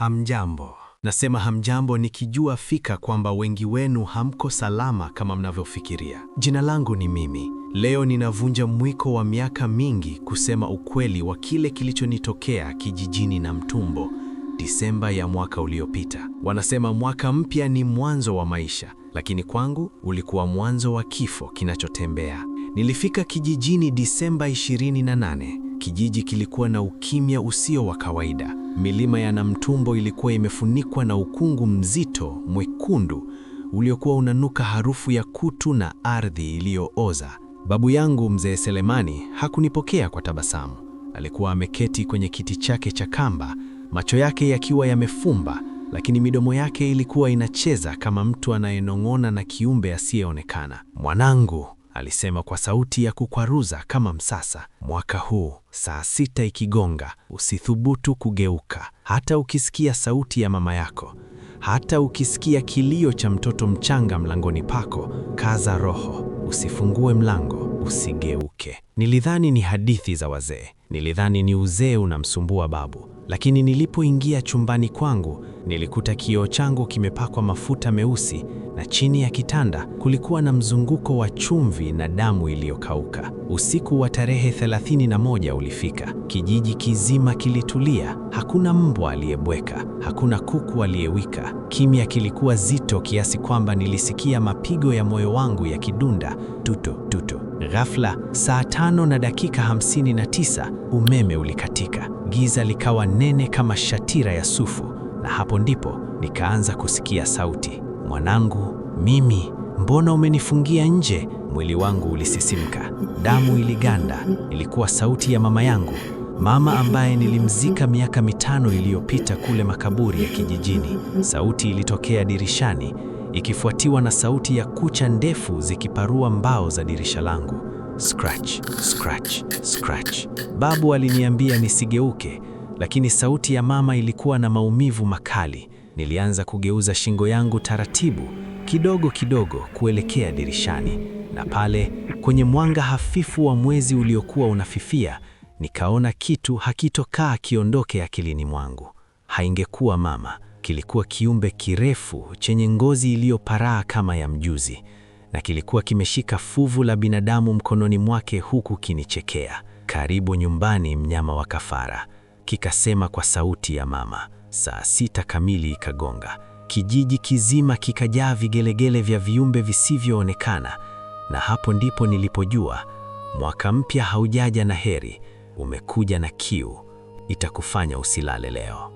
Hamjambo. Nasema hamjambo nikijua fika kwamba wengi wenu hamko salama kama mnavyofikiria. Jina langu ni Mimi. Leo ninavunja mwiko wa miaka mingi kusema ukweli wa kile kilichonitokea kijijini na Mtumbo Disemba ya mwaka uliopita. Wanasema mwaka mpya ni mwanzo wa maisha, lakini kwangu ulikuwa mwanzo wa kifo kinachotembea. Nilifika kijijini Disemba 28 Kijiji kilikuwa na ukimya usio wa kawaida. Milima ya Namtumbo ilikuwa imefunikwa na ukungu mzito mwekundu uliokuwa unanuka harufu ya kutu na ardhi iliyooza. Babu yangu mzee Selemani hakunipokea kwa tabasamu. Alikuwa ameketi kwenye kiti chake cha kamba, macho yake yakiwa yamefumba, lakini midomo yake ilikuwa inacheza kama mtu anayenong'ona na kiumbe asiyeonekana. Mwanangu, alisema kwa sauti ya kukwaruza kama msasa. Mwaka huu saa sita ikigonga, usithubutu kugeuka, hata ukisikia sauti ya mama yako, hata ukisikia kilio cha mtoto mchanga mlangoni pako, kaza roho, usifungue mlango, usigeuke. Nilidhani ni hadithi za wazee, nilidhani ni uzee unamsumbua babu lakini nilipoingia chumbani kwangu nilikuta kioo changu kimepakwa mafuta meusi na chini ya kitanda kulikuwa na mzunguko wa chumvi na damu iliyokauka. Usiku wa tarehe 31 ulifika. Kijiji kizima kilitulia, hakuna mbwa aliyebweka, hakuna kuku aliyewika. Kimya kilikuwa zito kiasi kwamba nilisikia mapigo ya moyo wangu kidunda tuto tuto. Ghafla, saa tano na dakika 59 umeme ulikatika. Giza likawa nene kama shatira ya sufu, na hapo ndipo nikaanza kusikia sauti, mwanangu, mimi, mbona umenifungia nje? Mwili wangu ulisisimka, damu iliganda. Ilikuwa sauti ya mama yangu, mama ambaye nilimzika miaka mitano iliyopita kule makaburi ya kijijini. Sauti ilitokea dirishani ikifuatiwa na sauti ya kucha ndefu zikiparua mbao za dirisha langu scratch, scratch, scratch. Babu aliniambia nisigeuke, lakini sauti ya mama ilikuwa na maumivu makali. Nilianza kugeuza shingo yangu taratibu, kidogo kidogo, kuelekea dirishani, na pale kwenye mwanga hafifu wa mwezi uliokuwa unafifia, nikaona kitu hakitokaa kiondoke akilini mwangu. Haingekuwa mama, kilikuwa kiumbe kirefu chenye ngozi iliyoparaa kama ya mjuzi na kilikuwa kimeshika fuvu la binadamu mkononi mwake huku kinichekea. Karibu nyumbani, mnyama wa kafara, kikasema kwa sauti ya mama. Saa sita kamili ikagonga, kijiji kizima kikajaa vigelegele vya viumbe visivyoonekana, na hapo ndipo nilipojua mwaka mpya haujaja na heri, umekuja na kiu, itakufanya usilale leo.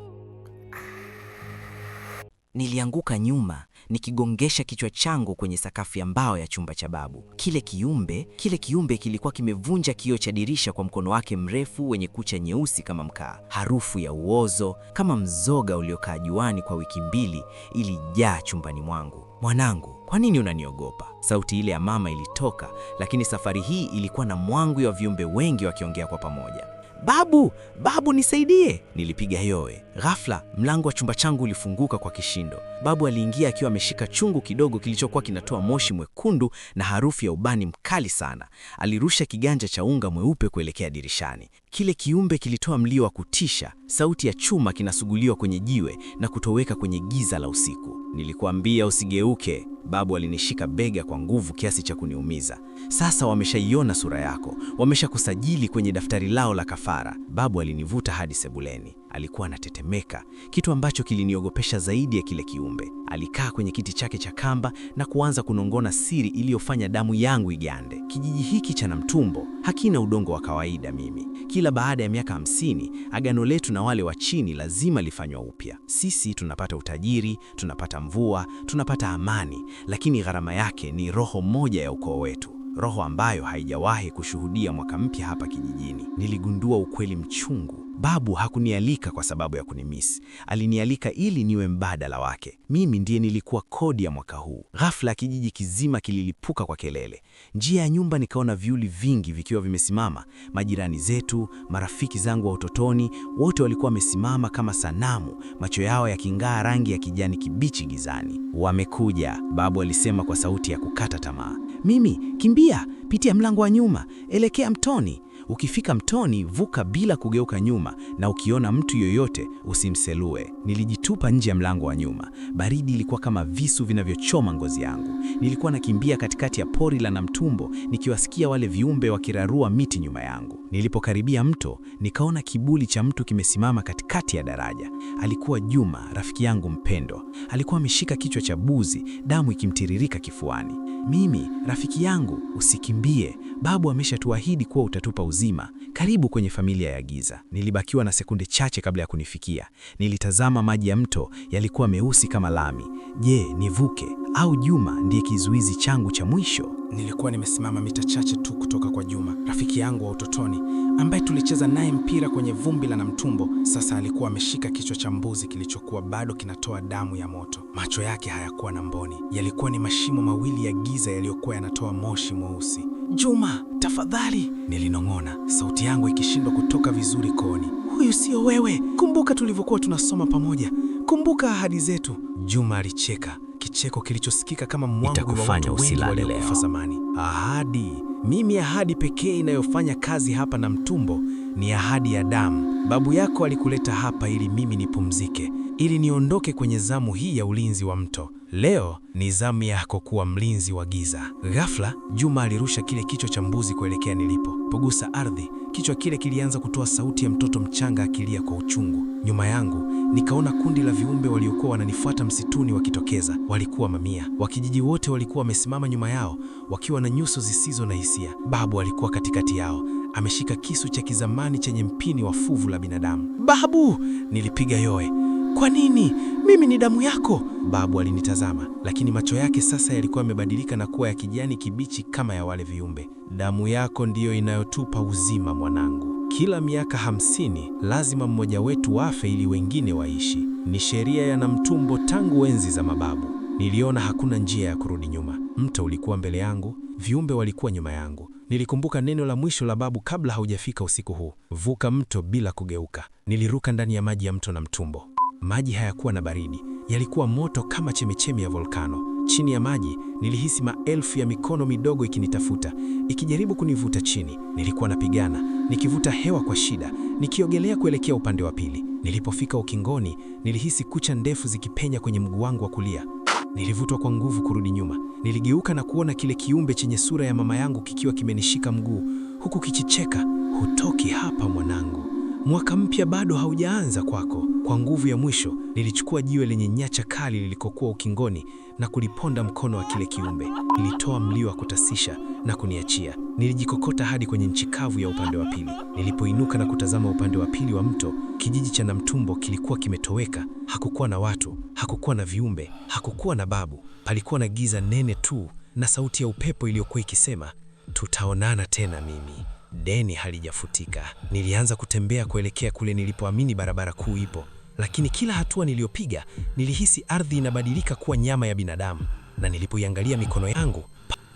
Nilianguka nyuma nikigongesha kichwa changu kwenye sakafu ya mbao ya chumba cha babu. Kile kiumbe kile kiumbe kilikuwa kimevunja kioo cha dirisha kwa mkono wake mrefu wenye kucha nyeusi kama mkaa. Harufu ya uozo kama mzoga uliokaa juani kwa wiki mbili ilijaa chumbani mwangu. Mwanangu, kwa nini unaniogopa? Sauti ile ya mama ilitoka, lakini safari hii ilikuwa na mwangwi wa viumbe wengi wakiongea kwa pamoja. Babu, babu nisaidie, nilipiga yowe. Ghafla mlango wa chumba changu ulifunguka kwa kishindo. Babu aliingia akiwa ameshika chungu kidogo kilichokuwa kinatoa moshi mwekundu na harufu ya ubani mkali sana. Alirusha kiganja cha unga mweupe kuelekea dirishani. Kile kiumbe kilitoa mlio wa kutisha, sauti ya chuma kinasuguliwa kwenye jiwe na kutoweka kwenye giza la usiku. Nilikuambia usigeuke. Babu alinishika bega kwa nguvu kiasi cha kuniumiza. Sasa wameshaiona sura yako, wameshakusajili kwenye daftari lao la kafara. Babu alinivuta hadi sebuleni. Alikuwa anatetemeka, kitu ambacho kiliniogopesha zaidi ya kile kiumbe. Alikaa kwenye kiti chake cha kamba na kuanza kunongona siri iliyofanya damu yangu igande. Kijiji hiki cha Namtumbo hakina udongo wa kawaida mimi. Kila baada ya miaka hamsini, agano letu na wale wa chini lazima lifanywa upya. Sisi tunapata utajiri, tunapata mvua, tunapata amani, lakini gharama yake ni roho moja ya ukoo wetu roho ambayo haijawahi kushuhudia mwaka mpya hapa kijijini. Niligundua ukweli mchungu. Babu hakunialika kwa sababu ya kunimisi, alinialika ili niwe mbadala wake. Mimi ndiye nilikuwa kodi ya mwaka huu. Ghafla kijiji kizima kililipuka kwa kelele. Njia ya nyumba nikaona viuli vingi vikiwa vimesimama, majirani zetu, marafiki zangu wa utotoni, wote walikuwa wamesimama kama sanamu, macho yao yaking'aa rangi ya kijani kibichi gizani. Wamekuja, babu alisema kwa sauti ya kukata tamaa. Mimi, kimbia, pitia mlango wa nyuma, elekea mtoni. Ukifika mtoni, vuka bila kugeuka nyuma, na ukiona mtu yoyote usimselue. Nilijitupa nje ya mlango wa nyuma. Baridi ilikuwa kama visu vinavyochoma ngozi yangu. Nilikuwa nakimbia katikati ya pori la Namtumbo, nikiwasikia wale viumbe wakirarua miti nyuma yangu. Nilipokaribia mto, nikaona kibuli cha mtu kimesimama katikati ya daraja. Alikuwa Juma, rafiki yangu mpendwa. Alikuwa ameshika kichwa cha buzi, damu ikimtiririka kifuani. Mimi, rafiki yangu, usikimbie Babu ameshatuahidi kuwa utatupa uzima. Karibu kwenye familia ya giza. Nilibakiwa na sekunde chache kabla ya kunifikia. Nilitazama maji ya mto, yalikuwa meusi kama lami. Je, nivuke au Juma ndiye kizuizi changu cha mwisho? Nilikuwa nimesimama mita chache tu kutoka kwa Juma, rafiki yangu wa utotoni, ambaye tulicheza naye mpira kwenye vumbi la Namtumbo. Sasa alikuwa ameshika kichwa cha mbuzi kilichokuwa bado kinatoa damu ya moto. Macho yake hayakuwa na mboni, yalikuwa ni mashimo mawili ya giza yaliyokuwa yanatoa moshi mweusi. Juma, tafadhali, nilinong'ona, sauti yangu ikishindwa kutoka vizuri kooni. Huyu sio wewe, kumbuka tulivyokuwa tunasoma pamoja, kumbuka ahadi zetu. Juma alicheka kicheko kilichosikika kama mwangu wa watu wengi waliokufa zamani. Ahadi mimi, ahadi pekee inayofanya kazi hapa na Mtumbo ni ahadi ya damu. Babu yako alikuleta hapa ili mimi nipumzike, ili niondoke kwenye zamu hii ya ulinzi wa mto. Leo ni zamu yako kuwa mlinzi wa giza. Ghafla Juma alirusha kile kichwa cha mbuzi kuelekea nilipo, pogusa ardhi Kichwa kile kilianza kutoa sauti ya mtoto mchanga akilia kwa uchungu. Nyuma yangu nikaona kundi la viumbe waliokuwa wananifuata msituni wakitokeza. Walikuwa mamia. Wakijiji wote walikuwa wamesimama nyuma yao, wakiwa na nyuso zisizo na hisia. Babu alikuwa katikati yao, ameshika kisu cha kizamani chenye mpini wa fuvu la binadamu. Babu! Nilipiga yowe. Kwa nini? Mimi ni damu yako. Babu alinitazama, lakini macho yake sasa yalikuwa yamebadilika na kuwa ya kijani kibichi kama ya wale viumbe. Damu yako ndiyo inayotupa uzima, mwanangu. Kila miaka hamsini lazima mmoja wetu afe ili wengine waishi. Ni sheria ya Namtumbo tangu enzi za mababu. Niliona hakuna njia ya kurudi nyuma. Mto ulikuwa mbele yangu, viumbe walikuwa nyuma yangu. Nilikumbuka neno la mwisho la babu kabla haujafika usiku huu: vuka mto bila kugeuka. Niliruka ndani ya maji ya mto Namtumbo. Maji hayakuwa na baridi, yalikuwa moto kama chemichemi ya volkano. Chini ya maji nilihisi maelfu ya mikono midogo ikinitafuta, ikijaribu kunivuta chini. Nilikuwa napigana, nikivuta hewa kwa shida, nikiogelea kuelekea upande wa pili. Nilipofika ukingoni, nilihisi kucha ndefu zikipenya kwenye mguu wangu wa kulia. Nilivutwa kwa nguvu kurudi nyuma. Niligeuka na kuona kile kiumbe chenye sura ya mama yangu kikiwa kimenishika mguu, huku kikicheka, hutoki hapa mwanangu, mwaka mpya bado haujaanza kwako. Kwa nguvu ya mwisho nilichukua jiwe lenye nyacha kali lilikokuwa ukingoni na kuliponda mkono wa kile kiumbe. Nilitoa mlio wa kutasisha na kuniachia. Nilijikokota hadi kwenye nchi kavu ya upande wa pili. Nilipoinuka na kutazama upande wa pili wa mto, kijiji cha Namtumbo kilikuwa kimetoweka. Hakukuwa na watu, hakukuwa na viumbe, hakukuwa na babu. Palikuwa na giza nene tu na sauti ya upepo iliyokuwa ikisema, tutaonana tena mimi. Deni halijafutika. Nilianza kutembea kuelekea kule nilipoamini barabara kuu ipo, lakini kila hatua niliyopiga nilihisi ardhi inabadilika kuwa nyama ya binadamu, na nilipoiangalia mikono yangu,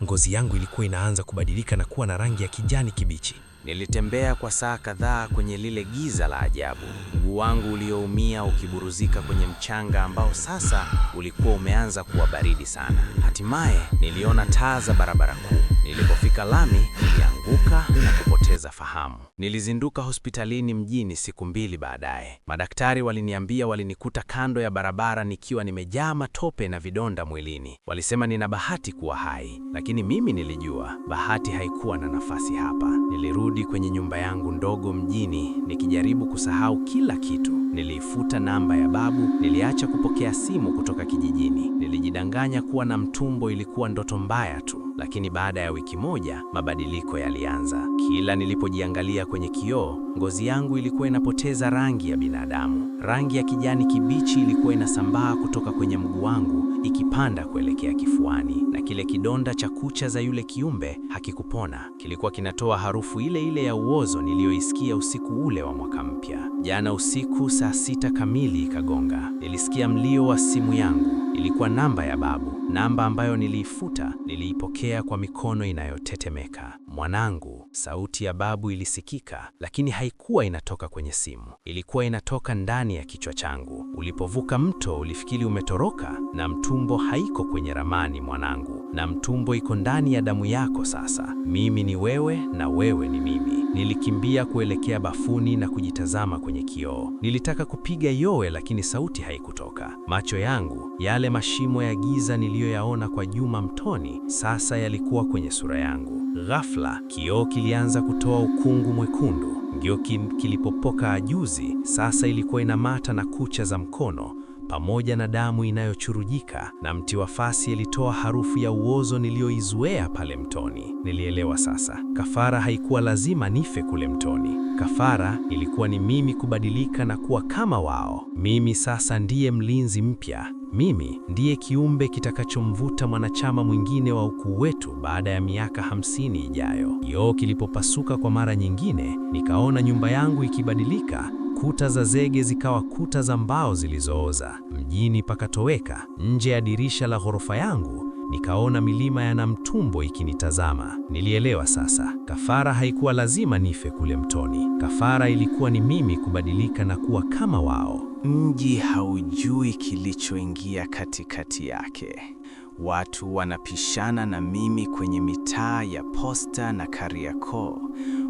ngozi yangu ilikuwa inaanza kubadilika na kuwa na rangi ya kijani kibichi. Nilitembea kwa saa kadhaa kwenye lile giza la ajabu, mguu wangu ulioumia ukiburuzika kwenye mchanga ambao sasa ulikuwa umeanza kuwa baridi sana. Hatimaye niliona taa za barabara kuu. Nilipofika lami, nilianguka na kupoteza fahamu. Nilizinduka hospitalini mjini siku mbili baadaye. Madaktari waliniambia walinikuta kando ya barabara nikiwa nimejaa matope na vidonda mwilini. Walisema nina bahati kuwa hai, lakini mimi nilijua bahati haikuwa na nafasi hapa. Nilirudi kwenye nyumba yangu ndogo mjini nikijaribu kusahau kila kitu. Niliifuta namba ya babu, niliacha kupokea simu kutoka kijijini. Nilijidanganya kuwa na mtumbo ilikuwa ndoto mbaya tu lakini baada ya wiki moja mabadiliko yalianza. Kila nilipojiangalia kwenye kioo, ngozi yangu ilikuwa inapoteza rangi ya binadamu. Rangi ya kijani kibichi ilikuwa inasambaa kutoka kwenye mguu wangu ikipanda kuelekea kifuani, na kile kidonda cha kucha za yule kiumbe hakikupona. Kilikuwa kinatoa harufu ile ile ya uozo niliyoisikia usiku ule wa mwaka mpya. Jana usiku saa sita kamili ikagonga, nilisikia mlio wa simu yangu ilikuwa namba ya babu, namba ambayo niliifuta, niliipokea kwa mikono inayotetemeka. Mwanangu, sauti ya babu ilisikika, lakini haikuwa inatoka kwenye simu, ilikuwa inatoka ndani ya kichwa changu. Ulipovuka mto ulifikiri umetoroka, na mtumbo haiko kwenye ramani mwanangu, na mtumbo iko ndani ya damu yako. Sasa mimi ni wewe na wewe ni mimi. Nilikimbia kuelekea bafuni na kujitazama kwenye kioo. Nilitaka kupiga yowe, lakini sauti haikutoka. Macho yangu yale yale mashimo ya giza niliyoyaona kwa Juma mtoni sasa yalikuwa kwenye sura yangu. Ghafla kioo kilianza kutoa ukungu mwekundu. Ngio kilipopoka ajuzi sasa ilikuwa inamata na kucha za mkono pamoja na damu inayochurujika na mti wa fasi ilitoa harufu ya uozo niliyoizoea pale mtoni. Nilielewa sasa, kafara haikuwa lazima nife kule mtoni. Kafara ilikuwa ni mimi kubadilika na kuwa kama wao. Mimi sasa ndiye mlinzi mpya. Mimi ndiye kiumbe kitakachomvuta mwanachama mwingine wa ukuu wetu baada ya miaka hamsini ijayo. Kioo kilipopasuka kwa mara nyingine, nikaona nyumba yangu ikibadilika Kuta za zege zikawa kuta za mbao zilizooza. Mjini pakatoweka. Nje ya dirisha la ghorofa yangu nikaona milima ya Namtumbo ikinitazama. Nilielewa sasa, kafara haikuwa lazima nife kule mtoni. Kafara ilikuwa ni mimi kubadilika na kuwa kama wao. Mji haujui kilichoingia katikati yake. Watu wanapishana na mimi kwenye mitaa ya Posta na Kariakoo,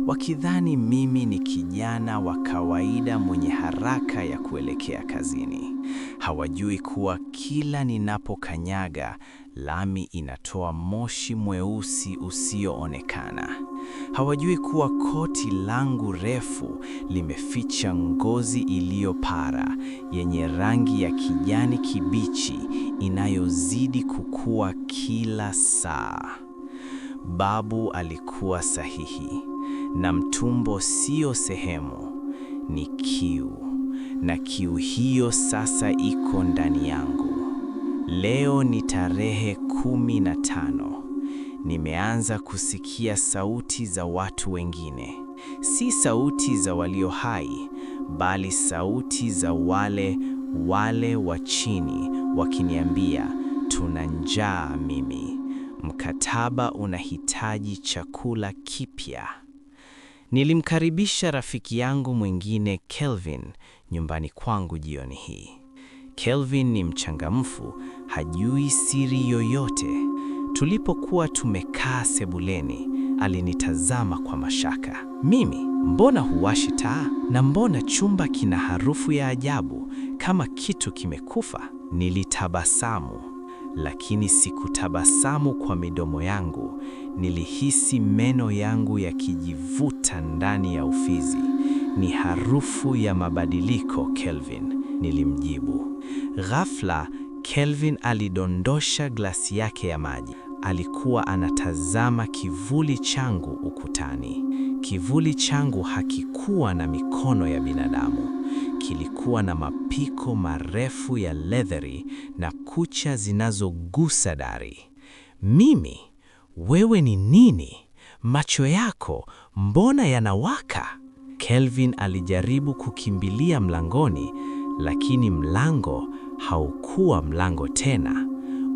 wakidhani mimi ni kijana wa kawaida mwenye haraka ya kuelekea kazini. Hawajui kuwa kila ninapokanyaga lami inatoa moshi mweusi usioonekana. Hawajui kuwa koti langu refu limeficha ngozi iliyopara yenye rangi ya kijani kibichi inayozidi kukua kila saa. Babu alikuwa sahihi, na mtumbo sio sehemu, ni kiu, na kiu hiyo sasa iko ndani yangu. Leo ni tarehe kumi na tano. Nimeanza kusikia sauti za watu wengine, si sauti za walio hai, bali sauti za wale wale wa chini wakiniambia tuna njaa mimi, mkataba unahitaji chakula kipya. Nilimkaribisha rafiki yangu mwingine Kelvin nyumbani kwangu jioni hii. Kelvin ni mchangamfu, hajui siri yoyote. Tulipokuwa tumekaa sebuleni, alinitazama kwa mashaka. Mimi, mbona huwashi taa na mbona chumba kina harufu ya ajabu? Kama kitu kimekufa, nilitabasamu, lakini sikutabasamu kwa midomo yangu. Nilihisi meno yangu yakijivuta ndani ya ufizi. Ni harufu ya mabadiliko, Kelvin, nilimjibu. Ghafla Kelvin alidondosha glasi yake ya maji. Alikuwa anatazama kivuli changu ukutani. Kivuli changu hakikuwa na mikono ya binadamu kilikuwa na mapiko marefu ya leathery na kucha zinazogusa dari. Mimi, wewe ni nini? Macho yako mbona yanawaka? Kelvin alijaribu kukimbilia mlangoni, lakini mlango haukuwa mlango tena.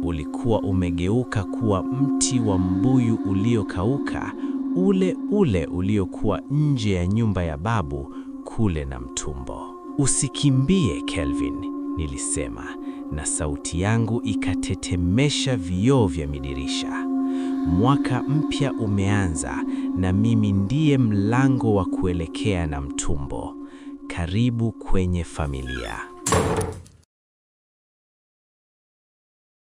Ulikuwa umegeuka kuwa mti wa mbuyu uliokauka, ule ule uliokuwa nje ya nyumba ya babu kule na mtumbo Usikimbie Kelvin, nilisema, na sauti yangu ikatetemesha vioo vya midirisha. Mwaka mpya umeanza na mimi ndiye mlango wa kuelekea na mtumbo. Karibu kwenye familia.